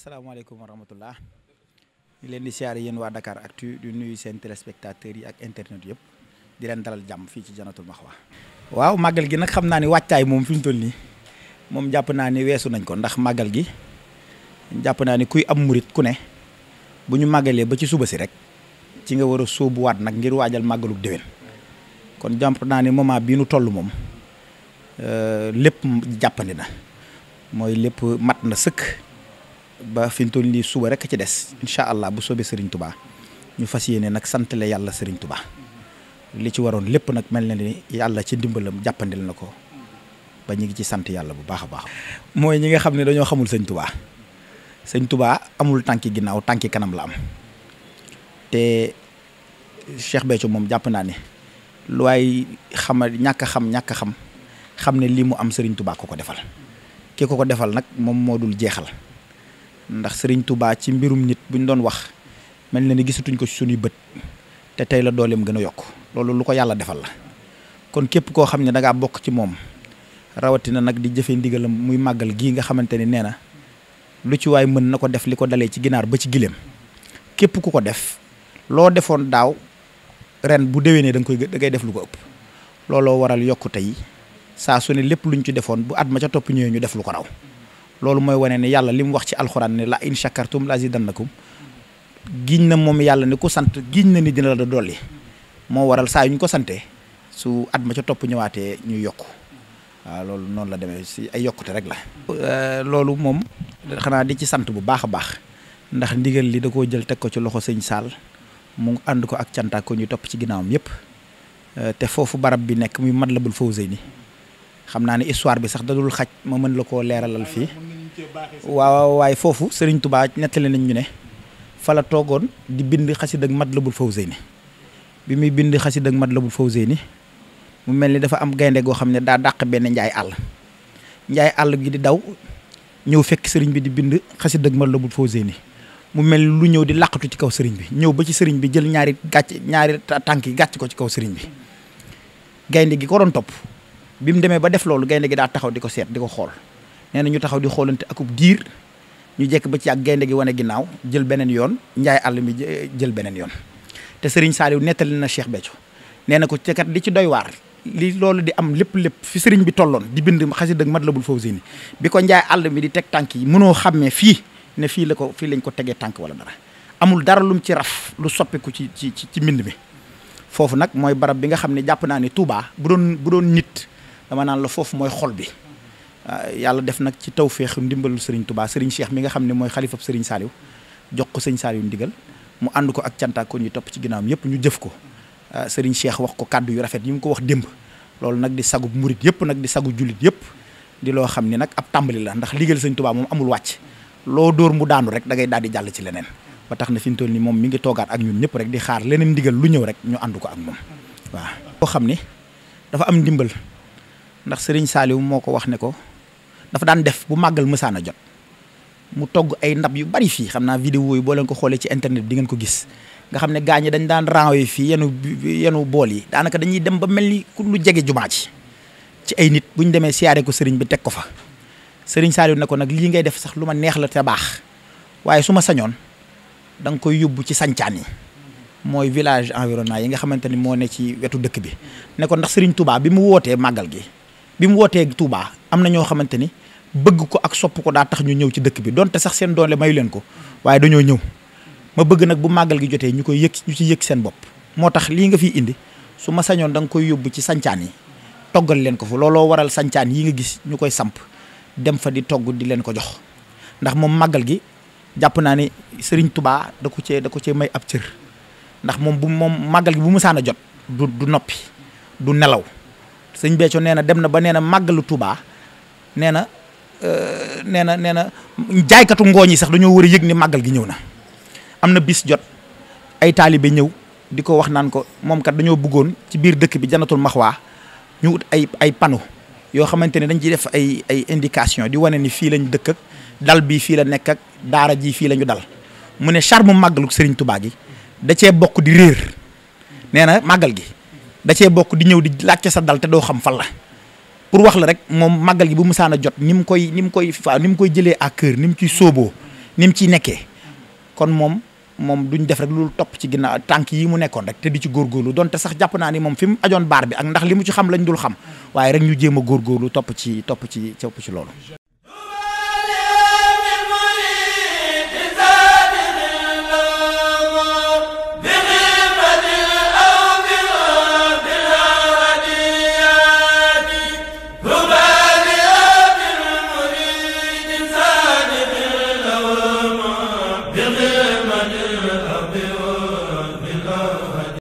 Assalamualaikum warahmatullah. rahmatullah ñu leen di siyaar yéen waa Dakar Actu nuyu yi ak internet yëpp di leen dalal jàmm fii ci janatul maxwa waaw magal gi nag xam naa ni wàccaay moom fi ñu toll nii moom ni weesu nañ ko ndax màggal gi jàpp naa ni kuy am murit ku ne bu ñu ba ci suba si rek ci nga war a sóobuwaat nag ngir kon jàpp naa ni moment bii nu toll moom euh, lépp jàppandi mat nasik. ba fi ñu toll nii suba rek ci des incha allah bu soobee Serigne Touba ñu fas yéene nag sant la yàlla Serigne Touba li ci waroon lépp nag mel na ni yàlla ci ndimbalam jàppandil na ko ba ñu ngi ci sant yàlla bu baax a baax. mooy ñi nga xam ne dañoo xamul sëñ Touba sëñ Touba amul tànki ginnaaw tànki kanam la am te Cheikh Béthio moom jàpp naa ne lu waay ñàkk xam ñàkk xam xam ne lii mu am sëriñ Touba ko ko defal ki ko ko defal nag moom moo dul jeexal. ndax sëriñ tubaa ci mbirum nit bu ñu doon wax mel na ni gisatuñ ko ci suñuy bët te tey la dooleem gën a yokk loolu lu ko yàlla defal la kon képp koo xam ne dangaa bokk ci moom rawatina nag di jëfe ndigalam muy màggal gii nga xamante ni nee na lu ci waay mën na ko def li ko dalee ci ginaar ba ci gileem képp ku ko def loo defoon daaw ren bu dewee da nga koy da ngay def lu ko ëpp looloo waral yokk tey saa su ne lépp luñ ci defoon bu at ma ca topp ñëwee ñu def lu ko raw loolu mooy wane ne yàlla li mu wax ci alxuraan ne la in shakartum la azidannakum giiñ na moom yàlla ne ku sant giñ na ni dina la da dolli moo waral saa yu ñu ko santee su at ma ca topp ñëwaatee ñu yokk waaw loolu noonu la demee si ay yokkute rek la. Euh, loolu moom xanaa di ci sant bu baax a baax ndax ndigal li da koo jël teg ko ci loxo sëñ Saal mu ànd ko ak cantaak ko ñu topp ci ginnaawam yëpp euh, te foofu barab bi nekk muy Matlabul ni xam naa ne histoire bi sax dadul xaj ma mën la koo leeralal fii waaw waaye foofu sëriñ Touba nettali nañ ñu ne fa la toogoon di bind xasida ak Matlabul Fawzayni bi muy bind xasida ak Matlabul Fawzayni mu mel ni dafa am gaynde goo xam ne daa dàq benn njaay àll njaay àll gi di daw ñëw fekk sëriñ bi di bind xasida ak Matlabul ni mu mel ni lu ñëw di làqatu ci kaw sëriñ bi ñëw ba ci sëriñ bi jël ñaari gàcc ñaari tànk yi gàcc ko ci kaw sëriñ bi gaynde gi ko doon topp bi mu demee ba def loolu gaynde gi daa taxaw di ko seet di ko xool nee na ñu taxaw di xoolante akub diir ñu jekk ba ci ak gaynde gi wane ginnaaw jël beneen yoon njaay àll mi jël beneen yoon te saa Saliou nettali na Cheikh Béthio nee na ko te li ci doy waar li loolu di am lépp lépp fi Serigne bi tolloon di bind xasida ak Matlabul Fawzayni bi ko njaay àll mi di teg tànk yi mënoo xàmmee fii ne fii la ko fii lañ ko tegee tànk wala dara amul dara lum ci raf lu soppiku ci ci ci mbind mi foofu nag mooy barab bi nga xam ne jàpp naa ne Touba bu doon bu doon nit dama nan la fofu moy xol bi ah, yalla def nak ci tawféexu ndimbal Serigne Touba Serigne Cheikh mi nga xam moy khalifa Serigne saliw jox ko Serigne saliw ndigal mu and ko ak tianta ko ñu top ci ginaam yëpp ñu jëf ko ah, Serigne Cheikh wax ko kaddu yu rafet yi mu ko wax demb lool nak di sagu mourid yëpp nak di sagu julit yëpp di lo xamni nak ab tambali la ndax ligel Serigne Touba mom amul wacc lo dor mu daanu rek da ngay daal di jàll ci lenen ba tax na fiñ tol ni mom mi ngi togaat ak ñun ñëpp rek di xaar lenen ndigal lu ñëw rek ñu and ko ak mom waaw. ko xamni dafa am ndimbal ndax sëriñ Saaliw moo ko wax ne ko dafa daan def bu màggal mësaan a jot mu togg ay ndab yu bari fii xam naa vidéo yi boo ko xoolee ci internet di ngeen ko gis nga xam ne gaañ dañ daan ranwee fii yenu yenu bool yi daanaka dañuy dem ba mel ni ku lu jege jumaa ci ci ay nit bu ñu demee siyaare ko sëriñ bi teg ko fa sëriñ Saaliw ne ko nag lii ngay def sax lu ma neex la te baax waaye su ma sañoon da koy yóbbu ci sancaan yi mooy village environnant yi nga xamante ni moo ne ci wetu dëkk bi ne ko ndax sëriñ Touba bi mu wootee màggal gi bimu wote ak Touba amna ño xamanteni bëgg ko ak sopp ko da tax ñu ñëw ci dëkk bi donte sax seen doole mayu len ko waye dañu ñëw ma bëgg nak bu magal gi jotee ñukoy yek ñu ci yek seen bop motax li nga fi indi su ma sañon dang koy yobbu ci santiane togal len ko fu lolo waral santiane yi nga gis ñukoy samp dem fa di togg di len ko jox ndax mom magal gi japp na ni Serigne Touba da ko ci da ko ci may ab cër ndax mom bu mom magal gi bu mu saan jot du du du nelaw sëñ Béthio nee na dem na ba neena na màggalu tubaa nee na euh, nee na nee na jaaykatu ngooñ yi sax dañoo war a yëg ni màggal gi ñëw na. am na bis jot ay taalibe ñëw di ko wax naan ko moom kat dañoo buggoon ci biir dëkk bi janatul maxwaa ñu ut ay ay yoo xamante ne dañ ciy def ay ay indication di wane ni fii lañ dëkk ak dal bii fii la nekk ak daara ji fii la ñu dal mu ne charme màggalu sëriñ tubaa gi da cee bokk di réer nee na màggal gi. da cee bokk di ñëw di laajte sa dal te doo xam fan la pour wax la rek moom màggal gi bu musaan a jot ni mu koy ni mu koy faa ni mu koy jëlee à cœur ni mu ciy sóoboo ni mu ciy nekkee kon moom moom duñ def rek loolu topp ci ginnaaw tànk yi mu nekkoon rek te di ci góorgóorlu donte sax jàpp naa ni moom fi mu ajoon baar bi ak ndax li mu ci xam lañu dul xam waaye rek ñu jéem a góorgóorlu topp ci topp ci topp ci loolu